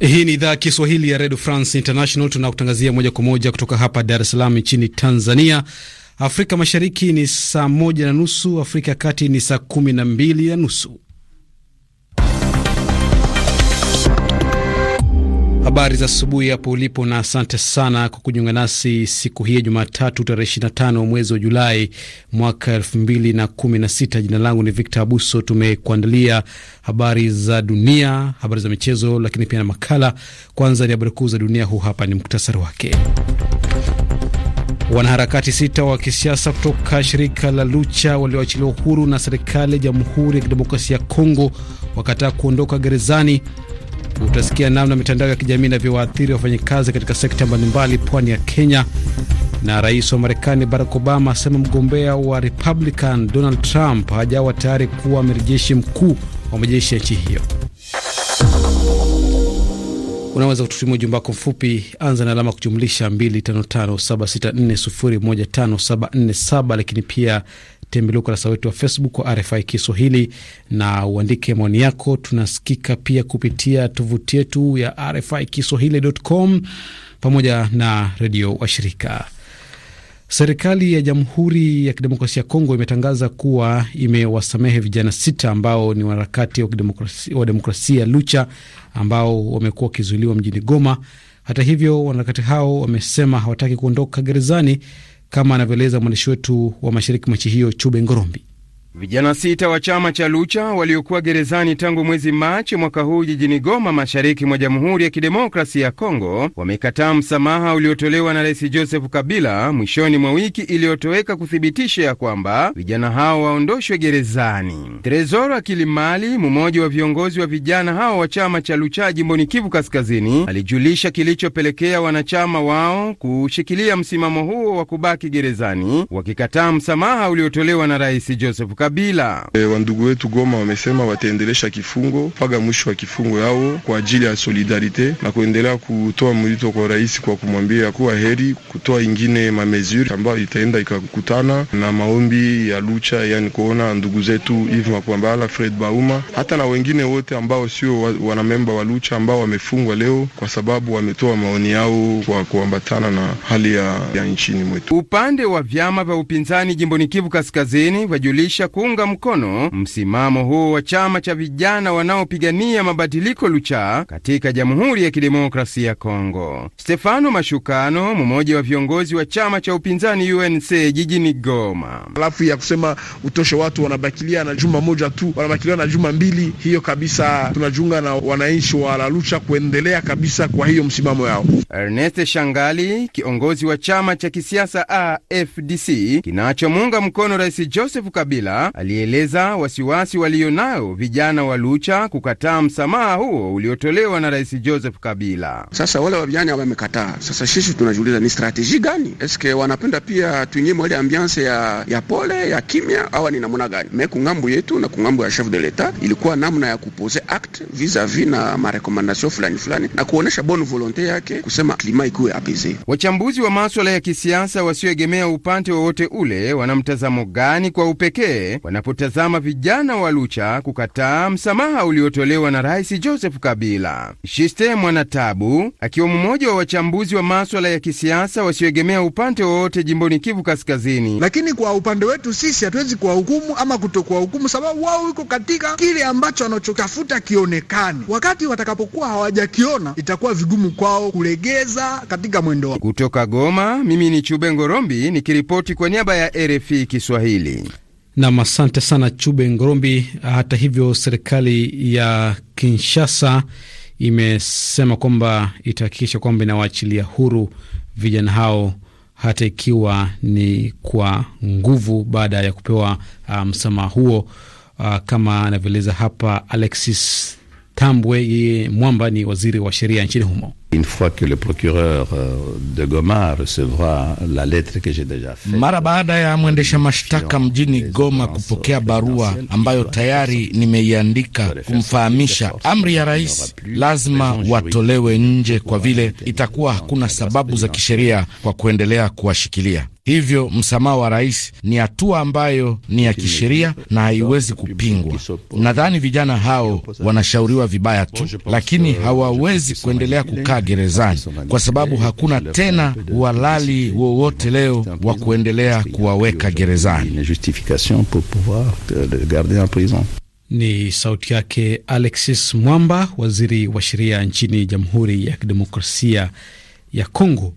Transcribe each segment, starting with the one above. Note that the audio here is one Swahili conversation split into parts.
Hii ni idhaa ya Kiswahili ya redio France International. Tunakutangazia moja kwa moja kutoka hapa Dar es Salaam nchini Tanzania. Afrika Mashariki ni saa moja na nusu, Afrika ya Kati ni saa kumi na mbili na nusu. Habari za asubuhi hapo ulipo, na asante sana kwa kujiunga nasi siku hii ya Jumatatu tarehe 25 mwezi wa Julai mwaka 2016. Jina langu ni Victor Abuso. Tumekuandalia habari za dunia, habari za michezo, lakini pia na makala. Kwanza ni habari kuu za dunia, huu hapa ni muktasari wake. Wanaharakati sita wa kisiasa kutoka shirika la Lucha walioachiliwa huru na serikali ya Jamhuri ya Kidemokrasia ya Kongo wakataa kuondoka gerezani Utasikia namna mitandao ya kijamii inavyowaathiri wafanyakazi katika sekta mbalimbali pwani ya Kenya, na rais wa Marekani Barack Obama asema mgombea wa Republican Donald Trump hajawa tayari kuwa mrejeshi mkuu wa majeshi ya nchi hiyo. Unaweza kututumia ujumbe wako mfupi, anza na alama kujumlisha 255764015747, lakini pia tembelea ukurasa wetu wa Facebook wa RFI Kiswahili na uandike maoni yako. Tunasikika pia kupitia tovuti yetu ya RFI Kiswahili.com pamoja na redio shirika. Serikali ya Jamhuri ya Kidemokrasia ya Kongo imetangaza kuwa imewasamehe vijana sita ambao ni wanarakati wa demokrasia, wa demokrasia Lucha ambao wamekuwa wakizuiliwa mjini Goma. Hata hivyo, wanaharakati hao wamesema hawataki kuondoka gerezani kama anavyoeleza mwandishi wetu wa mashariki mwa nchi hiyo Chube Ngorombi. Vijana sita wa chama cha Lucha waliokuwa gerezani tangu mwezi Machi mwaka huu jijini Goma, mashariki mwa Jamhuri ya Kidemokrasi ya Kongo wamekataa msamaha uliotolewa na Rais Joseph Kabila mwishoni mwa wiki iliyotoweka kuthibitisha ya kwamba vijana hao waondoshwe gerezani. Tresor Akilimali, mmoja wa viongozi wa vijana hao wa chama cha Lucha jimboni Kivu Kaskazini, alijulisha kilichopelekea wanachama wao kushikilia msimamo huo wa kubaki gerezani, wakikataa msamaha uliotolewa na Rais Joseph Kabila. E, wandugu wetu Goma wamesema wataendelesha kifungo mpaka mwisho wa kifungo yao kwa ajili ya solidarite na kuendelea kutoa mwito kwa rais kwa kumwambia kuwa heri kutoa ingine mamezuri ambayo itaenda ikakutana na maombi ya Lucha, yani kuona ndugu zetu Yves Makwambala, Fred Bauma hata na wengine wote ambao sio wanamemba wa Lucha ambao wamefungwa leo kwa sababu wametoa maoni yao kwa kuambatana na hali ya, ya nchini mwetu. Upande wa vyama vya upinzani jimboni Kivu Kaskazini wajulisha kuunga mkono msimamo huo wa chama cha vijana wanaopigania mabadiliko Lucha katika Jamhuri ya Kidemokrasia ya Kongo. Stefano Mashukano, mmoja wa viongozi wa chama cha upinzani UNC jijini Goma. Alafu ya kusema utosho, watu wanabakilia na juma moja tu, wanabakilia na juma mbili, hiyo kabisa tunajiunga na wananchi wa Lalucha kuendelea kabisa kwa hiyo msimamo yao. Ernest Shangali, kiongozi wa chama cha kisiasa AFDC kinachomuunga mkono Rais Joseph Kabila alieleza wasiwasi nayo vijana wa Lucha kukataa msamaha huo uliotolewa na Rais Joseph Kabila. Sasa wale wavijana wamekataa. Sasa sisi tunajiuliza ni strateji gani? Eske wanapenda pia tuingie ile ambiance ya, ya pole ya kimya awa ni namna gani? Me kungambo yetu na kungambo ya chef de l'etat ilikuwa namna ya kupose act vis-a-vis na marekomandasio fulani fulani na kuonyesha bonne volonte yake kusema klima ikuwe apese. Wachambuzi wa maswala ya kisiasa wasioegemea upande wowote ule wana mtazamo gani kwa upekee wanapotazama vijana wa Lucha kukataa msamaha uliotolewa na Rais Joseph Kabila. Shiste Mwanatabu akiwa mmoja wa wachambuzi wa maswala ya kisiasa wasioegemea upande wowote jimboni Kivu Kaskazini. Lakini kwa upande wetu sisi hatuwezi kuwahukumu ama kutokuwahukumu, sababu wao iko katika kile ambacho wanachotafuta kionekane. Wakati watakapokuwa hawajakiona itakuwa vigumu kwao kulegeza katika mwendo wao. Kutoka Goma, mimi ni Chube Ngorombi nikiripoti kwa niaba ya RFI Kiswahili. Nam, asante sana Chube Ngorombi. Hata hivyo, serikali ya Kinshasa imesema kwamba itahakikisha kwamba inawaachilia huru vijana hao hata ikiwa ni kwa nguvu, baada ya kupewa ah, msamaha um, huo uh, kama anavyoeleza hapa Alexis Tambwe, yeye Mwamba ni waziri wa sheria nchini humo. Mara baada ya mwendesha mashtaka mjini Goma kupokea barua ambayo tayari nimeiandika kumfahamisha amri ya rais, lazima watolewe nje, kwa vile itakuwa hakuna sababu za kisheria kwa kuendelea kuwashikilia. Hivyo msamaha wa rais ni hatua ambayo ni ya kisheria na haiwezi kupingwa. Nadhani vijana hao wanashauriwa vibaya tu, lakini hawawezi kuendelea kukaa gerezani kwa sababu hakuna tena uhalali wowote leo wa kuendelea kuwaweka gerezani. Ni sauti yake Alexis Mwamba, waziri wa sheria nchini Jamhuri ya Kidemokrasia ya Kongo.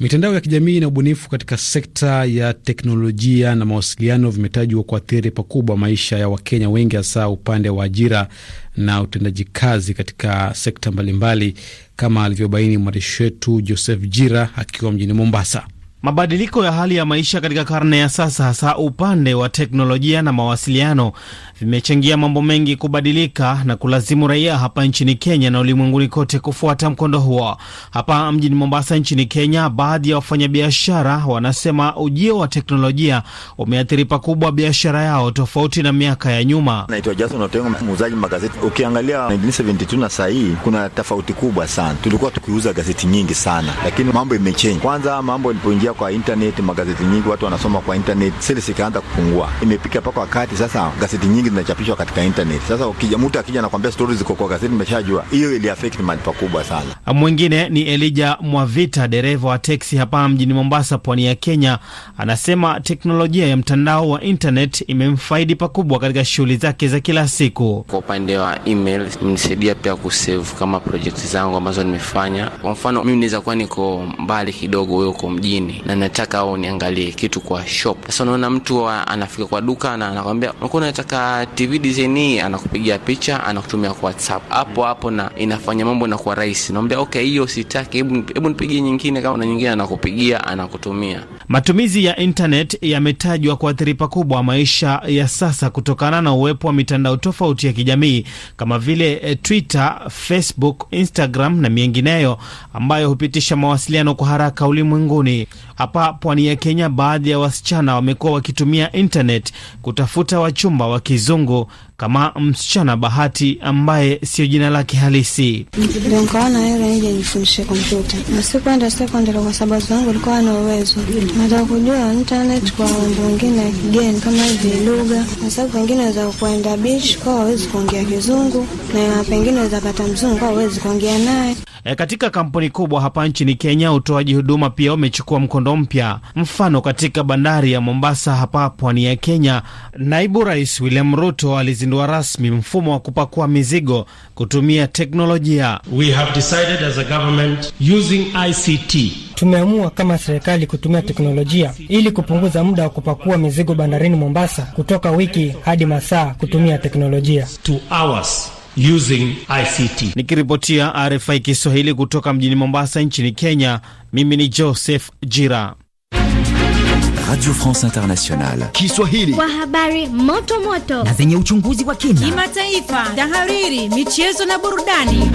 Mitandao ya kijamii na ubunifu katika sekta ya teknolojia na mawasiliano vimetajwa kuathiri pakubwa maisha ya Wakenya wengi, hasa upande wa ajira na utendaji kazi katika sekta mbalimbali, kama alivyobaini mwandishi wetu Joseph Jira akiwa mjini Mombasa. Mabadiliko ya hali ya maisha katika karne ya sasa, hasa upande wa teknolojia na mawasiliano, vimechangia mambo mengi kubadilika na kulazimu raia hapa nchini Kenya na ulimwenguni kote kufuata mkondo huo. Hapa mjini Mombasa nchini Kenya, baadhi ya wafanyabiashara wanasema ujio wa teknolojia umeathiri pakubwa biashara yao, tofauti na miaka ya nyuma. Naitwa Jason Otengo, muuzaji magazeti. Ukiangalia 1972 na saa kuna tofauti kubwa sana. Tulikuwa tukiuza gazeti nyingi sana, lakini mambo imechenji. Kwanza mambo ilipoingia kupitia kwa internet, magazeti nyingi watu wanasoma kwa internet, seli sikaanza kupungua. Imepika paka wakati sasa gazeti nyingi zinachapishwa katika internet. Sasa ukija mtu akija anakuambia stories ziko kwa gazeti, nimeshajua hiyo ili affect mali pakubwa sana. Mwingine ni Elija Mwavita, dereva wa teksi hapa mjini Mombasa, pwani ya Kenya, anasema teknolojia ya mtandao wa internet imemfaidi pakubwa katika shughuli zake za kila siku. Kwa upande wa email imenisaidia pia kusave kama project zangu ambazo nimefanya. Kwa mfano mimi naweza kuwa niko mbali kidogo, wewe uko mjini na nataka uniangalie kitu kwa shop. Sasa unaona mtu anafika kwa duka na anakwambia unakuwa unataka TV design hii, anakupigia picha, anakutumia kwa WhatsApp hapo hapo, na inafanya mambo na kwa rahisi. Naambia okay, hiyo sitaki, hebu hebu nipigie nyingine, kama na nyingine anakupigia, anakutumia Matumizi ya internet yametajwa kuathiri pakubwa maisha ya sasa kutokana na uwepo wa mitandao tofauti ya kijamii kama vile eh, Twitter, Facebook, Instagram na mingineyo ambayo hupitisha mawasiliano kwa haraka ulimwenguni. Hapa pwani ya Kenya, baadhi ya wasichana wamekuwa wakitumia internet kutafuta wachumba wa kizungu kama msichana Bahati ambaye sio jina lake halisi. Ndio nikaona hela nije nifundishe kompyuta, na sikuenda sekondari kwa sababu zangu likuwa na uwezo, nataka kujua internet kwa mambo wengine kigeni kama hivi lugha, kwa sababu pengine waweza kuenda beach kwa wawezi kuongea Kizungu na pengine waweza pata mzungu kwa wawezi kuongea naye E, katika kampuni kubwa hapa nchini Kenya utoaji huduma pia umechukua mkondo mpya. Mfano, katika bandari ya Mombasa hapa pwani ya Kenya, naibu rais William Ruto alizindua rasmi mfumo wa kupakua mizigo kutumia teknolojia. We have decided as a government using ICT. Tumeamua kama serikali kutumia teknolojia ili kupunguza muda wa kupakua mizigo bandarini Mombasa kutoka wiki hadi masaa kutumia teknolojia. Two hours using ICT. Nikiripotia RFI Kiswahili kutoka mjini Mombasa nchini Kenya, mimi ni Joseph Jira. Radio France Internationale Kiswahili kwa habari moto moto na zenye uchunguzi wa kina, kimataifa, tahariri, michezo na burudani.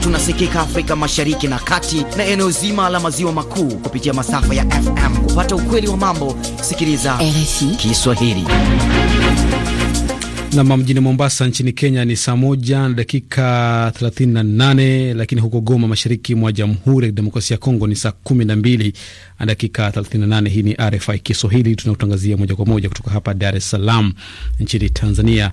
Tunasikika Afrika Mashariki na Kati na eneo zima la maziwa makuu kupitia masafa ya FM. Kupata ukweli wa mambo, sikiliza RFI Kiswahili. Nam mjini Mombasa nchini Kenya ni saa moja na dakika 38, lakini huko Goma, mashariki mwa Jamhuri ya Kidemokrasia ya Kongo ni saa kumi na mbili na dakika 38. Hii ni RFI Kiswahili, tunakutangazia moja kwa moja kutoka hapa Dar es Salaam nchini Tanzania.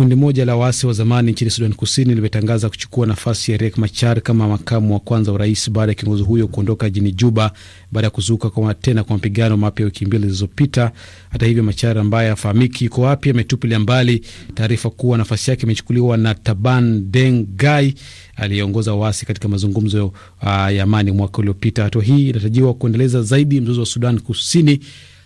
Kundi moja la waasi wa zamani nchini Sudan Kusini limetangaza kuchukua nafasi ya Riek Machar kama makamu wa kwanza wa rais baada ya kiongozi huyo kuondoka jini Juba baada ya kuzuka kwa tena kwa mapigano mapya wiki mbili zilizopita. Hata hivyo, Machar ambaye hafahamiki yuko wapi ametupilia mbali taarifa kuwa nafasi yake imechukuliwa na Taban Deng Gai aliyeongoza waasi katika mazungumzo uh, ya amani mwaka uliopita. Hatua hii inatarajiwa kuendeleza zaidi mzozo wa Sudan Kusini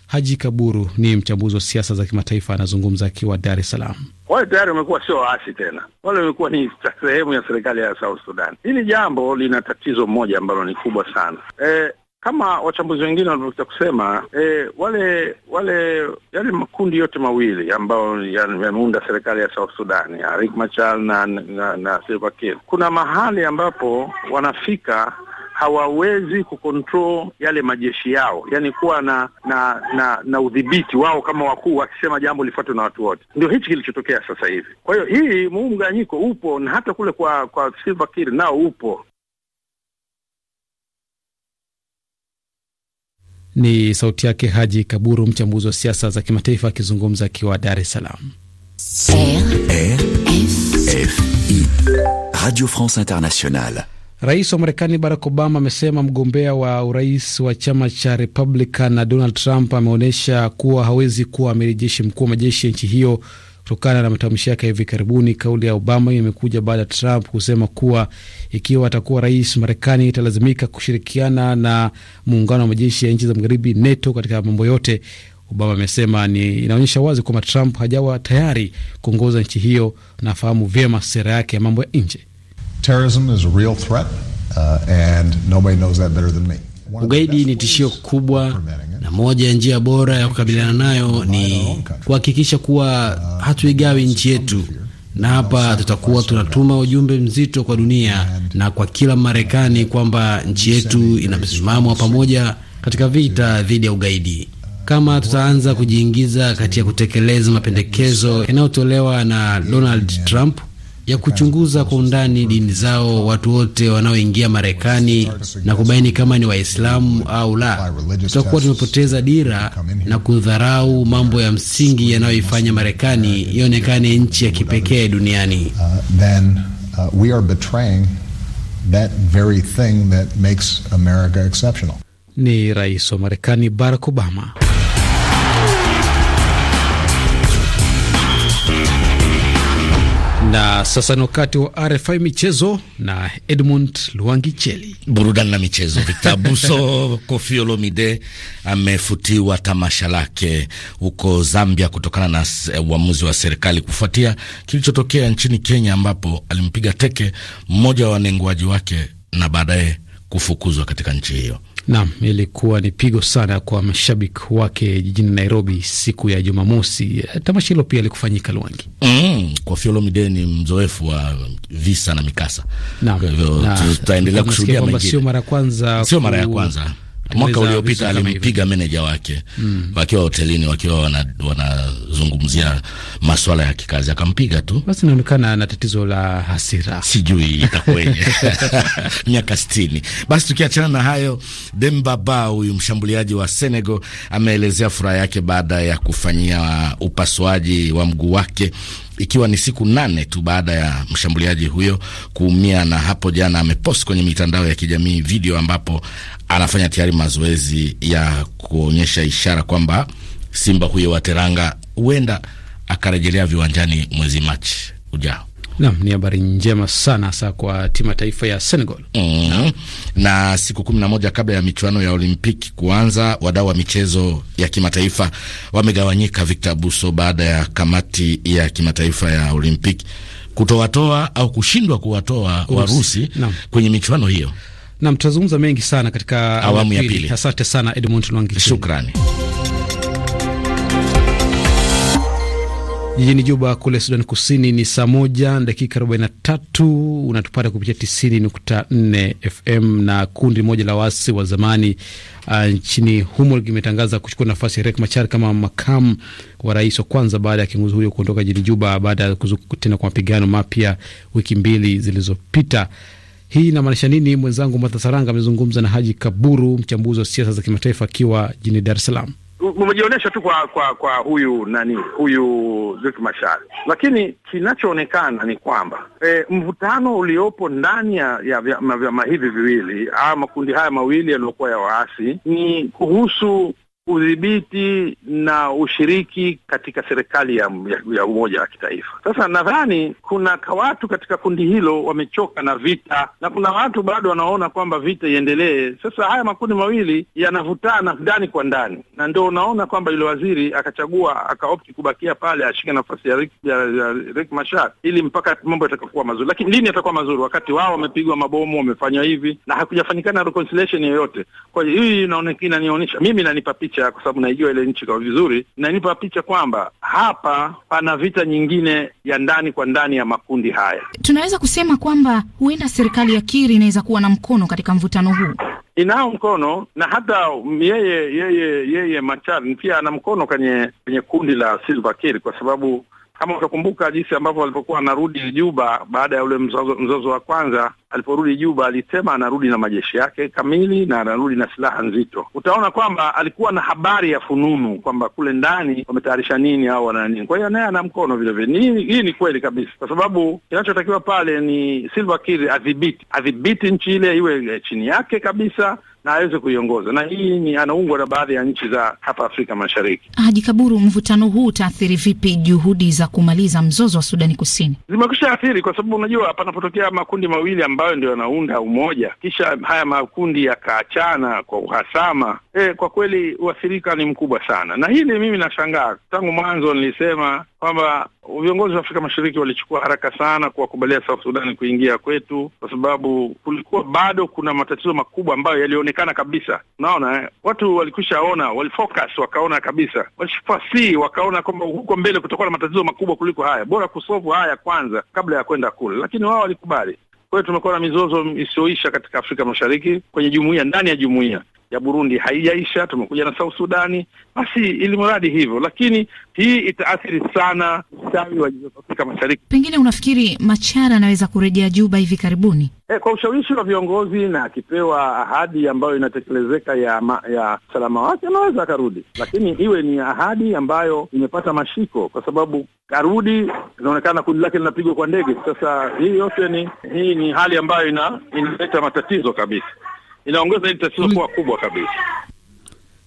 Haji Kaburu ni mchambuzi wa siasa za kimataifa, anazungumza akiwa Dar es Salaam. Wale tayari wamekuwa sio waasi tena, wale wamekuwa ni sehemu ya serikali ya South Sudan. Hili jambo lina tatizo moja ambalo ni kubwa sana e, kama wachambuzi wengine wanavyoweza kusema e, wale wale yale makundi yote mawili ambayo yameunda serikali ya South Sudan ya Riek Machar na, na, na Salva Kiir, kuna mahali ambapo wanafika hawawezi kukontrol yale majeshi yao, yani kuwa na na na, na udhibiti wao kama wakuu, wakisema jambo lifuatwe na watu wote. Ndio hichi kilichotokea sasa hivi. Kwa hiyo hii muu mganyiko upo na hata kule kwa kwa Salva Kiir nao upo. Ni sauti yake Haji Kaburu, mchambuzi wa siasa za kimataifa akizungumza akiwa Dar es Salaam. Radio France Internationale. Rais wa Marekani Barack Obama amesema mgombea wa urais wa chama cha Republican na Donald Trump ameonyesha kuwa hawezi kuwa amiri jeshi mkuu wa majeshi ya nchi hiyo kutokana na matamshi yake hivi karibuni. Kauli ya Obama imekuja baada ya Trump kusema kuwa ikiwa atakuwa rais, Marekani italazimika kushirikiana na muungano wa majeshi ya nchi za magharibi NATO katika mambo yote. Obama amesema ni inaonyesha wazi kwamba Trump hajawa tayari kuongoza nchi hiyo, nafahamu vyema sera yake ya mambo ya nje. Terrorism is a real threat, uh, and nobody knows that better than me. Ugaidi ni tishio kubwa na moja ya njia bora ya kukabiliana nayo ni kuhakikisha kuwa uh, hatuigawi nchi yetu, na hapa tutakuwa tunatuma ujumbe mzito kwa dunia na kwa kila Marekani kwamba nchi yetu ina msimamo wa pamoja katika vita dhidi ya ugaidi. Kama uh, tutaanza kujiingiza kati ya kutekeleza mapendekezo yanayotolewa na Donald Trump ya kuchunguza kwa undani dini zao watu wote wanaoingia Marekani na kubaini kama ni Waislamu au la, tutakuwa tumepoteza dira na kudharau mambo ya msingi yanayoifanya Marekani ionekane nchi ya kipekee duniani. Uh, uh, ni rais wa Marekani Barack Obama. Na sasa ni wakati wa RFI michezo na Edmund Luangicheli. Burudani na michezo. Victor Buso Kofi Olomide amefutiwa tamasha lake huko Zambia kutokana na eh, uamuzi wa serikali kufuatia kilichotokea nchini Kenya ambapo alimpiga teke mmoja wa wanenguaji wake na baadaye kufukuzwa katika nchi hiyo. Naam, ilikuwa ni pigo sana kwa mashabiki wake jijini Nairobi siku ya Jumamosi. Tamasha hilo pia likufanyika Lwangi. Mm, Koffi Olomide ni mzoefu wa visa na mikasa, tutaendelea kushuhudia Sio mara ya kwanza, sio mara ya kwanza mwaka uliopita alimpiga meneja wake mm. wakiwa hotelini wakiwa wanazungumzia wana maswala ya kikazi akampiga tu. Basi inaonekana na tatizo la hasira, sijui itakuwaje miaka sitini. Basi tukiachana na hayo, Demba Ba, huyu mshambuliaji wa Senegal, ameelezea furaha yake baada ya kufanyia upasuaji wa mguu wake ikiwa ni siku nane tu baada ya mshambuliaji huyo kuumia, na hapo jana amepost kwenye mitandao ya kijamii video ambapo anafanya tayari mazoezi ya kuonyesha ishara kwamba simba huyo wa Teranga huenda akarejelea viwanjani mwezi Machi ujao. Naam, ni habari njema sana hasa kwa timu taifa ya Senegal. Mm. Na, na siku kumi na moja kabla ya michuano ya Olimpiki kuanza, wadau wa michezo ya kimataifa wamegawanyika, Victor Buso, baada ya kamati ya kimataifa ya Olimpiki kutowatoa au kushindwa kuwatoa Warusi kwenye michuano hiyo, na tutazungumza mengi sana katika awamu ya pili. Asante sana Edmund Lwangi, shukrani. Jijini Juba kule Sudan Kusini ni saa moja dakika 43. Unatupata kupitia 90.4 FM. Na kundi moja la waasi wa zamani uh, nchini humo limetangaza kuchukua nafasi ya Riek Machar kama makamu wa rais wa kwanza baada ya kiongozi huyo kuondoka jijini Juba baada ya kuzuka tena kwa mapigano mapya wiki mbili zilizopita. Hii inamaanisha nini? Mwenzangu Matasaranga amezungumza na Haji Kaburu, mchambuzi wa siasa za kimataifa akiwa jijini Dar es Salaam umejionyesha tu kwa kwa kwa huyu nani huyu Riek Machar, lakini kinachoonekana ni kwamba e, mvutano uliopo ndani ya vyama hivi viwili au makundi haya mawili yaliyokuwa ya waasi ni kuhusu udhibiti na ushiriki katika serikali ya, ya, ya umoja wa kitaifa. Sasa nadhani kuna watu katika kundi hilo wamechoka na vita, na kuna watu bado wanaona kwamba vita iendelee. Sasa haya makundi mawili yanavutana ndani kwa ndani, na ndio unaona kwamba yule waziri akachagua akaopti kubakia pale ashike nafasi ya Rik, ya, ya ili mpaka mambo yatakakuwa mazuri. Lakini lini yatakuwa mazuri? Wakati wao wamepigwa mabomu, wamefanywa hivi na hakujafanyikana reconciliation yoyote. Kwa hiyo hii inaonekana, inanionyesha mimi, nanipa picha picha, kwa sababu naijua ile nchi kwa vizuri, nanipa picha kwamba hapa pana vita nyingine ya ndani kwa ndani ya makundi haya. Tunaweza kusema kwamba huenda serikali ya Kiri inaweza kuwa na mkono katika mvutano huu inao mkono na hata yeye yeye yeye Machar pia ana mkono kwenye kwenye kundi la silvakiri Kiir, kwa sababu kama utakumbuka jinsi ambavyo alipokuwa anarudi Juba baada ya ule mzozo, mzozo wa kwanza, aliporudi Juba alisema anarudi na majeshi yake kamili na anarudi na silaha nzito. Utaona kwamba alikuwa na habari ya fununu kwamba kule ndani wametayarisha nini au wana nini. Kwa hiyo naye ana mkono vilevile. Hii ni kweli kabisa, kwa sababu kinachotakiwa pale ni Salva Kiir adhibiti, adhibiti nchi ile, iwe chini yake kabisa na aweze kuiongoza, na hii ni anaungwa na baadhi ya nchi za hapa Afrika Mashariki. Haji Kaburu, mvutano huu utaathiri vipi juhudi za kumaliza mzozo wa Sudani Kusini? Zimekwisha athiri, kwa sababu unajua panapotokea makundi mawili ambayo ndio yanaunda umoja, kisha haya makundi yakaachana kwa uhasama, e, kwa kweli uathirika ni mkubwa sana, na hili mimi nashangaa. Tangu mwanzo nilisema kwamba viongozi wa Afrika Mashariki walichukua haraka sana kuwakubalia South Sudan kuingia kwetu, kwa sababu kulikuwa bado kuna matatizo makubwa ambayo yalionekana kabisa. Unaona eh? watu ona walifocus, wakaona kabisa, walifasi, wakaona kwamba huko mbele kutakuwa na matatizo makubwa kuliko haya, bora kusovu haya kwanza kabla ya kwenda kule, lakini wao walikubali. Kwa hiyo tumekuwa na mizozo isiyoisha katika Afrika Mashariki, kwenye jumuiya, ndani ya jumuiya ya Burundi haijaisha, tumekuja na South Sudani, basi ili mradi hivyo, lakini hii itaathiri sana ustawi wa Afrika Mashariki. Pengine unafikiri Machara anaweza kurejea Juba hivi karibuni? E, kwa ushawishi wa viongozi na akipewa ahadi ambayo inatekelezeka ya ma, ya usalama wake anaweza akarudi, lakini iwe ni ahadi ambayo imepata mashiko, kwa sababu karudi inaonekana kundi lake linapigwa kwa ndege. Sasa hii yote ni hii ni hali ambayo ina inaleta matatizo kabisa inaongeza hili tatizo kuwa kubwa kabisa.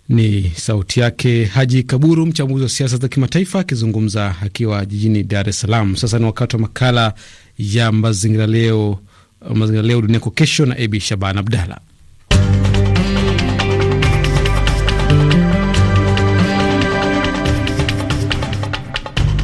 Ni sauti yake Haji Kaburu, mchambuzi wa siasa za kimataifa akizungumza akiwa jijini Dar es Salaam. Sasa ni wakati wa makala ya mazingira leo, mazingira leo dunia kwa kesho, na ebi Shaban Abdalla.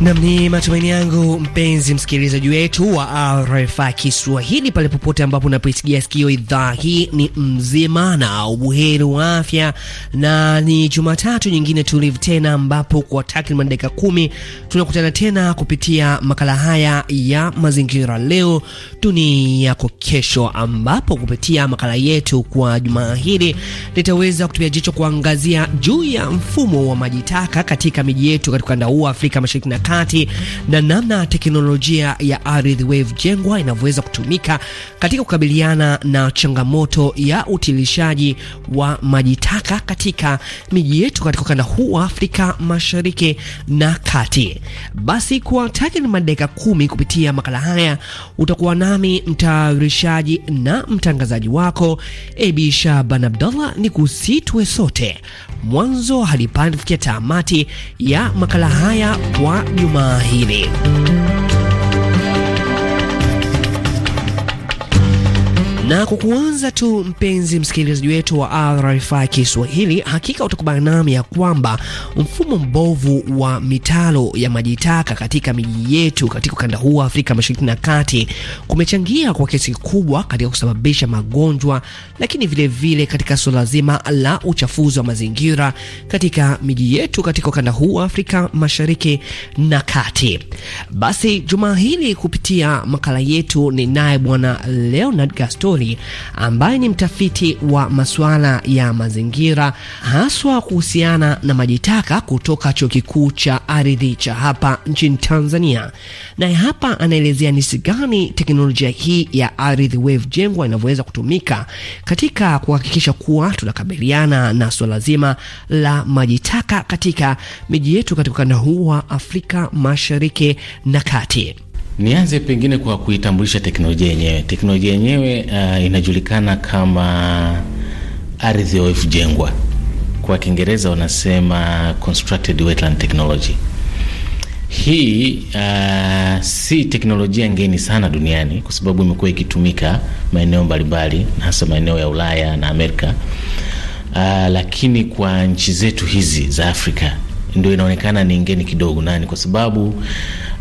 Nam, ni matumaini yangu mpenzi msikilizaji wetu wa RFI Kiswahili, pale popote ambapo unapoisikia sikio idhaa hii, ni mzima na ubuheri wa afya, na ni Jumatatu nyingine tulivu tena, ambapo kwa takriban dakika kumi tunakutana tena kupitia makala haya ya mazingira, leo dunia yako kesho, ambapo kupitia makala yetu kwa jumaa hili litaweza kutupia jicho kuangazia juu ya mfumo wa maji taka katika miji yetu katika ukanda huu wa Afrika Mashariki na mikakati na namna teknolojia ya ardhi wave jengwa inavyoweza kutumika katika kukabiliana na changamoto ya utilishaji wa maji taka katika miji yetu katika ukanda huu wa Afrika Mashariki na Kati. Basi kwa takriban madakika kumi kupitia makala haya utakuwa nami mtayarishaji na mtangazaji wako Abi Shaban Abdallah, ni kusitwe sote mwanzo hadi pale kufikia tamati ya makala haya kwa juma hili. Na kwa kuanza tu, mpenzi msikilizaji wetu wa RFI Kiswahili, hakika utakubana nami ya kwamba mfumo mbovu wa mitalo ya maji taka katika miji yetu katika ukanda huu wa Afrika Mashariki na Kati kumechangia kwa kiasi kikubwa katika kusababisha magonjwa, lakini vilevile vile katika suala zima la uchafuzi wa mazingira katika miji yetu katika ukanda huu wa Afrika Mashariki na Kati. Basi jumaa hili kupitia makala yetu ni naye Bwana Leonard Gaston Mashauri ambaye ni mtafiti wa masuala ya mazingira haswa kuhusiana na majitaka kutoka Chuo Kikuu cha Ardhi cha hapa nchini Tanzania. Naye hapa anaelezea jinsi gani teknolojia hii ya ardhi wave jengwa inavyoweza kutumika katika kuhakikisha kuwa tunakabiliana na suala zima la majitaka katika miji yetu katika ukanda huu wa Afrika Mashariki na Kati. Nianze pengine kwa kuitambulisha teknolojia yenyewe. Teknolojia yenyewe uh, inajulikana kama ardhi oevu jengwa, kwa Kiingereza wanasema constructed wetland technology. Hii uh, si teknolojia ngeni sana duniani kwa sababu imekuwa ikitumika maeneo mbalimbali, hasa maeneo ya Ulaya na Amerika. Uh, lakini kwa nchi zetu hizi za Afrika ndio inaonekana ni ngeni kidogo. Nani? Kwa sababu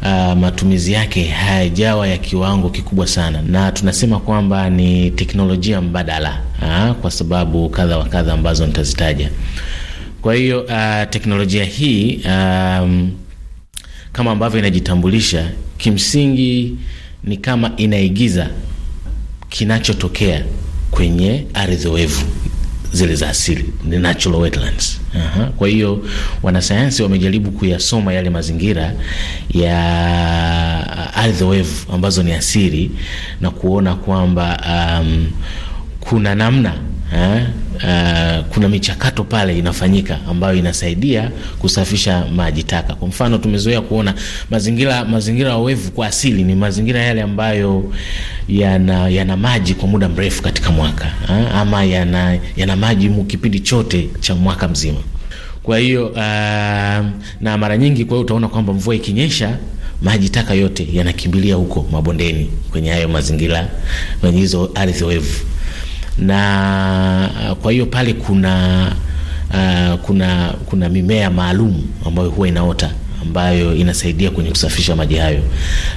uh, matumizi yake hayajawa ya kiwango kikubwa sana, na tunasema kwamba ni teknolojia mbadala uh, kwa sababu kadha wa kadha ambazo nitazitaja. Kwa hiyo uh, teknolojia hii um, kama ambavyo inajitambulisha kimsingi ni kama inaigiza kinachotokea kwenye ardhi oevu zile za asili, the natural wetlands. Aha. Kwa hiyo wanasayansi wamejaribu kuyasoma yale mazingira ya ardhi wave ambazo ni asili na kuona kwamba um, kuna namna eh, uh, kuna michakato pale inafanyika ambayo inasaidia kusafisha maji taka. Kwa mfano, tumezoea kuona mazingira mazingira oevu kwa asili ni mazingira yale ambayo yana, yana maji kwa muda mrefu katika mwaka ha? Eh, ama yana, yana maji kipindi chote cha mwaka mzima. Kwa hiyo uh, na mara nyingi, kwa hiyo utaona kwamba mvua ikinyesha maji taka yote yanakimbilia huko mabondeni, kwenye hayo mazingira, kwenye hizo ardhi oevu na uh, kwa hiyo pale kuna uh, kuna kuna mimea maalum ambayo huwa inaota ambayo inasaidia kwenye kusafisha maji hayo,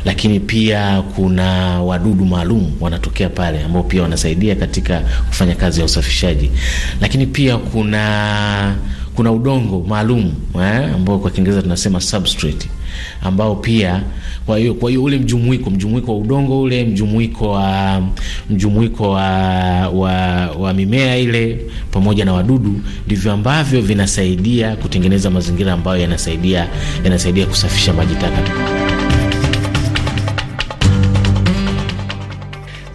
lakini pia kuna wadudu maalum wanatokea pale ambao pia wanasaidia katika kufanya kazi ya usafishaji, lakini pia kuna kuna udongo maalum eh, ambao kwa Kiingereza tunasema substrate ambao pia, kwa hiyo kwa hiyo ule mjumuiko mjumuiko wa udongo ule mjumuiko wa mjumuiko wa, wa, wa mimea ile pamoja na wadudu ndivyo ambavyo vinasaidia kutengeneza mazingira ambayo yanasaidia yanasaidia kusafisha maji taka.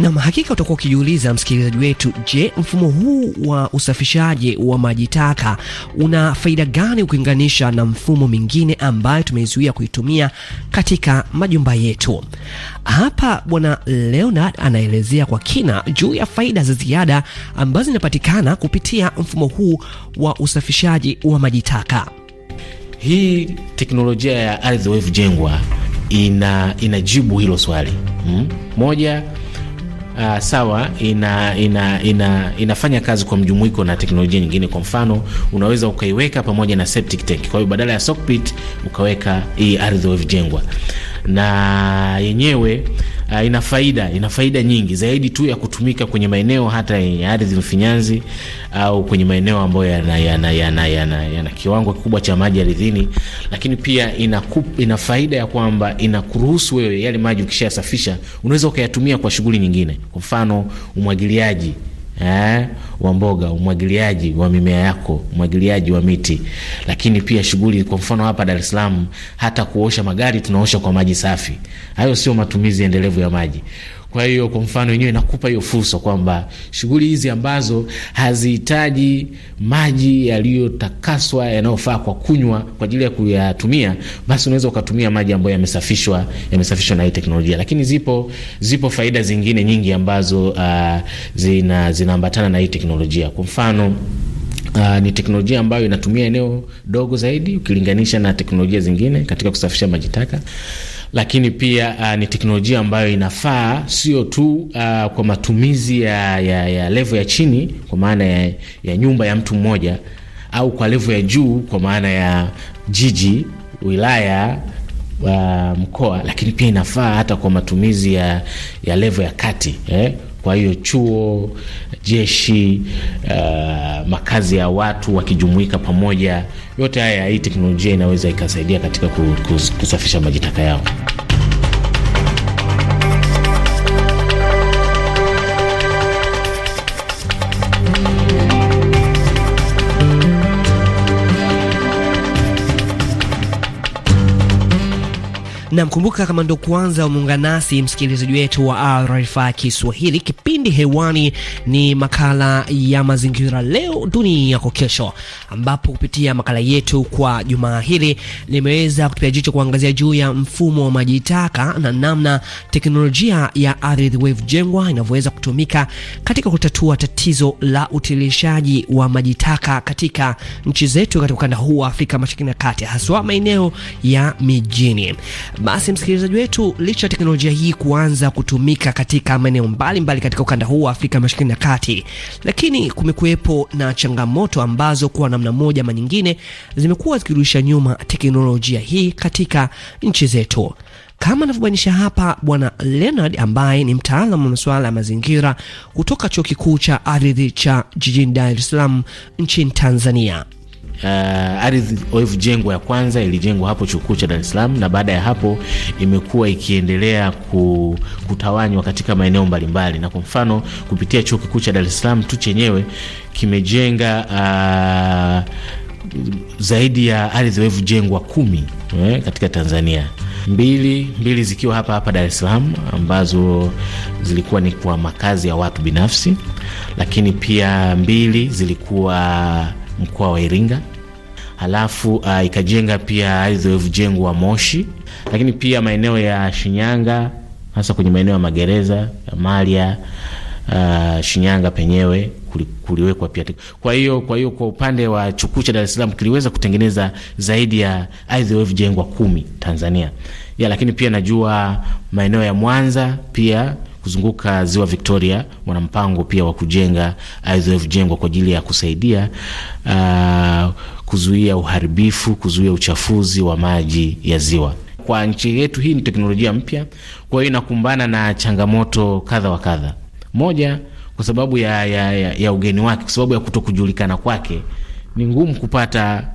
Nam, hakika utakuwa ukijiuliza msikilizaji wetu, je, mfumo huu wa usafishaji wa maji taka una faida gani ukilinganisha na mfumo mingine ambayo tumeizuia kuitumia katika majumba yetu? Hapa Bwana Leonard anaelezea kwa kina juu ya faida za ziada ambazo zinapatikana kupitia mfumo huu wa usafishaji wa maji taka. Hii teknolojia ya ardhi wevu jengwa ina inajibu hilo swali hmm? Moja uh, sawa ina, ina, ina, inafanya kazi kwa mjumuiko na teknolojia nyingine. Kwa mfano, unaweza ukaiweka pamoja na septic tank, kwa hiyo badala ya sock pit ukaweka hii ardhi iliyojengwa na yenyewe uh, ina faida ina faida nyingi zaidi tu ya kutumika kwenye maeneo hata yenye ardhi mfinyanzi au kwenye maeneo ambayo yana, yana, yana, yana, yana kiwango kikubwa cha maji ardhini, lakini pia ina, ina faida ya kwamba inakuruhusu wewe yale maji ukishayasafisha unaweza ukayatumia kwa shughuli nyingine, kwa mfano umwagiliaji eh, wa mboga, umwagiliaji wa mimea yako, umwagiliaji wa miti, lakini pia shughuli, kwa mfano hapa Dar es Salaam, hata kuosha magari tunaosha kwa maji safi. Hayo sio matumizi endelevu ya maji. Kwa hiyo kwa mfano yenyewe inakupa hiyo fursa kwamba shughuli hizi ambazo hazihitaji maji yaliyotakaswa yanayofaa kwa kunywa kwa ajili ya kuyatumia, basi unaweza ukatumia maji ambayo yamesafishwa yamesafishwa na hii teknolojia. Lakini zipo zipo faida zingine nyingi ambazo uh, zina zinaambatana na hii teknolojia. Kwa mfano Uh, ni teknolojia ambayo inatumia eneo dogo zaidi ukilinganisha na teknolojia zingine katika kusafisha maji taka lakini pia uh, ni teknolojia ambayo inafaa sio tu uh, kwa matumizi ya, ya, ya levo ya chini kwa maana ya, ya nyumba ya mtu mmoja au kwa levo ya juu kwa maana ya jiji, wilaya uh, mkoa, lakini pia inafaa hata kwa matumizi ya, ya levo ya kati eh? Kwa hiyo chuo, jeshi, uh, makazi ya watu wakijumuika pamoja, yote haya hii teknolojia inaweza ikasaidia katika kusafisha maji taka yao. na mkumbuka, kama ndo kwanza umeunga nasi, msikilizaji wetu wa RFI Kiswahili, kipindi hewani ni makala ya mazingira, leo dunia yako kesho, ambapo kupitia makala yetu kwa jumaa hili limeweza kutupia jicho kuangazia juu ya mfumo wa maji taka na namna teknolojia ya ardhi wave jengwa inavyoweza kutumika katika kutatua tatizo la utilishaji wa maji taka katika nchi zetu katika ukanda huu wa Afrika Mashariki na Kati, haswa maeneo ya mijini. Basi msikilizaji wetu, licha ya teknolojia hii kuanza kutumika katika maeneo mbalimbali katika ukanda huu wa Afrika Mashariki na Kati, lakini kumekuwepo na changamoto ambazo kwa namna moja ama nyingine zimekuwa zikirudisha nyuma teknolojia hii katika nchi zetu kama anavyobainisha hapa Bwana Leonard ambaye ni mtaalamu wa masuala ya mazingira kutoka chuo kikuu cha ardhi cha jijini Dar es Salaam nchini Tanzania uh, ardhi oevu jengwa ya kwanza ilijengwa hapo chuo kikuu cha Dar es Salaam, na baada ya hapo imekuwa ikiendelea kutawanywa katika maeneo mbalimbali, na kwa mfano kupitia chuo kikuu cha Dar es Salaam tu chenyewe kimejenga uh, zaidi ya ardhi oevu jengwa kumi eh, katika Tanzania mbili mbili zikiwa hapa hapa Dar es Salaam ambazo zilikuwa ni kwa makazi ya watu binafsi, lakini pia mbili zilikuwa mkoa wa Iringa halafu uh, ikajenga pia IDF jengo wa Moshi, lakini pia maeneo ya Shinyanga, hasa kwenye maeneo ya magereza ya Malia uh, Shinyanga penyewe kuliwekwa pia. Kwa hiyo kwa hiyo kwa upande wa chukuu cha Dar es Salaam kiliweza kutengeneza zaidi ya IDF jengwa kumi Tanzania ya, lakini pia najua maeneo ya Mwanza pia kuzunguka ziwa Victoria wana mpango pia wa kujenga IDF jengwa kwa ajili ya kusaidia uh, kuzuia uharibifu, kuzuia uchafuzi wa maji ya ziwa. Kwa nchi yetu hii ni teknolojia mpya, kwa hiyo inakumbana na changamoto kadha wa kadha. Moja, kwa sababu ya, ya, ya, ya ugeni wake, kwa sababu ya kuto kujulikana kwake, ni ngumu kupata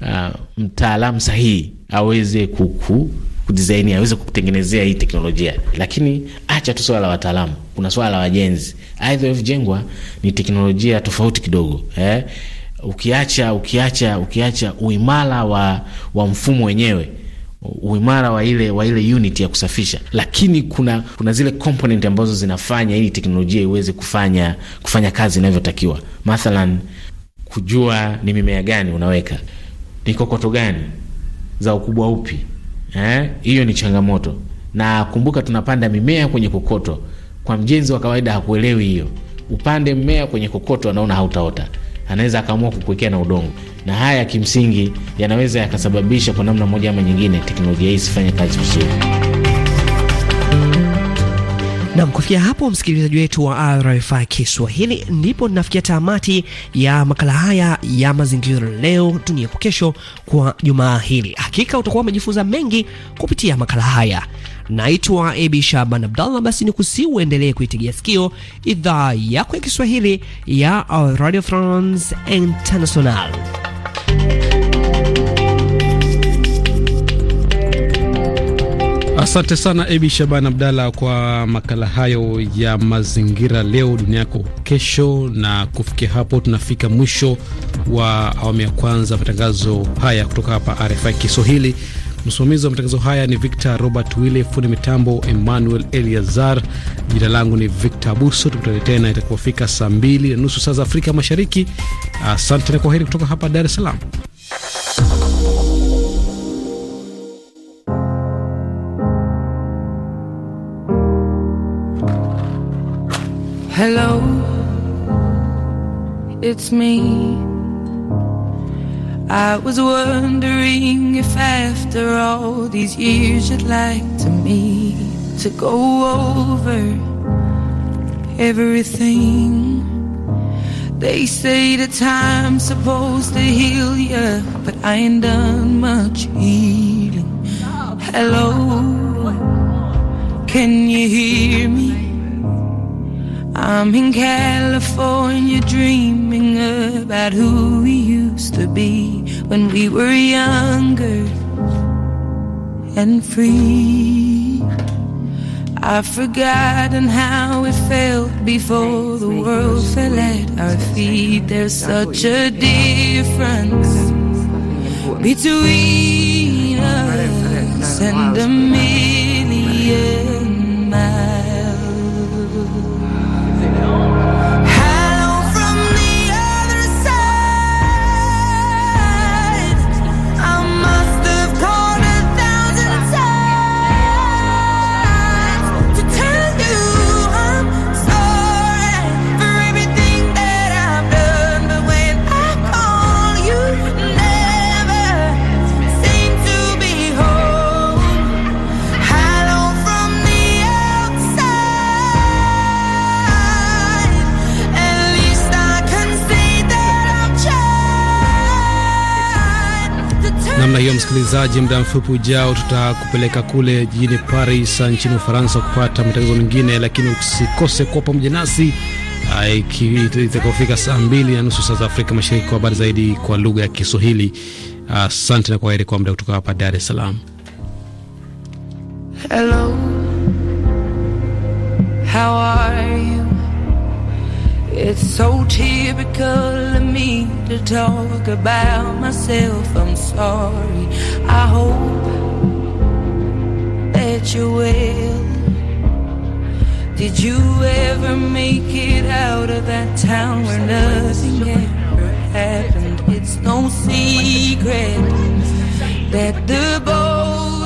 uh, mtaalamu sahihi aweze kuku kudizaini aweze kutengenezea hii teknolojia. Lakini acha tu swala la wataalamu, kuna swala la wajenzi. IVF Jengwa ni teknolojia tofauti kidogo eh? ukiacha ukiacha ukiacha uimara wa, wa mfumo wenyewe uimara wa ile, wa ile unit ya kusafisha, lakini kuna, kuna zile component ambazo zinafanya ili teknolojia iweze kufanya, kufanya kazi inavyotakiwa. Mathalan, kujua ni mimea gani unaweka, ni kokoto gani za ukubwa upi. Eh, Hiyo ni changamoto, na kumbuka tunapanda mimea kwenye kokoto. Kwa mjenzi wa kawaida hakuelewi hiyo, upande mmea kwenye kokoto, anaona hautaota anaweza akaamua kukuwekea na udongo, na haya kimsingi yanaweza yakasababisha kwa namna moja ama nyingine teknolojia hii isifanye kazi vizuri. Nam, kufikia hapo, msikilizaji wetu wa RFI Kiswahili, ndipo ninafikia tamati ya makala haya ya mazingira leo dunia kwa kesho kwa jumaa hili. Hakika utakuwa umejifunza mengi kupitia makala haya. Naitwa Ebi Shaban Abdallah. Basi ni kusi uendelee kuitegea sikio idhaa yako ya Kiswahili ya Radio France International. Asante sana Ebi Shaban abdallah kwa makala hayo ya mazingira, leo dunia yako kesho. Na kufikia hapo, tunafika mwisho wa awamu ya kwanza matangazo haya kutoka hapa RFI Kiswahili. Msimamizi wa matangazo haya ni Victor Robert Wille, fundi mitambo Emmanuel Eliazar. Jina langu ni Victor Abuso. Tukutane tena itakapofika saa mbili na nusu saa za Afrika Mashariki. Asante na kwa heri kutoka hapa Dar es Salaam. Hello, it's me. I was wondering if after all these years you'd like to me to go over everything. They say the time's supposed to heal you, but I ain't done much healing. Hello, can you hear me? I'm in California dreaming about who we used when we were younger and free. I've forgotten how it felt before the world fell at our feet. There's such a difference between us and a million miles. namna hiyo, msikilizaji, muda mfupi ujao tutakupeleka kule jijini Paris nchini Ufaransa kupata matangazo mengine, lakini usikose kuwa pamoja nasi ah, itakapofika saa mbili na nusu saa za Afrika Mashariki kwa habari zaidi kwa lugha ya Kiswahili. Asante na heri kwa muda kutoka hapa Dar es Salaam. Hello, how are you? It's so typical of me to talk about myself. I'm sorry. I hope that you will. Did you ever make it out of that town where nothing ever happened? It's no secret that the boat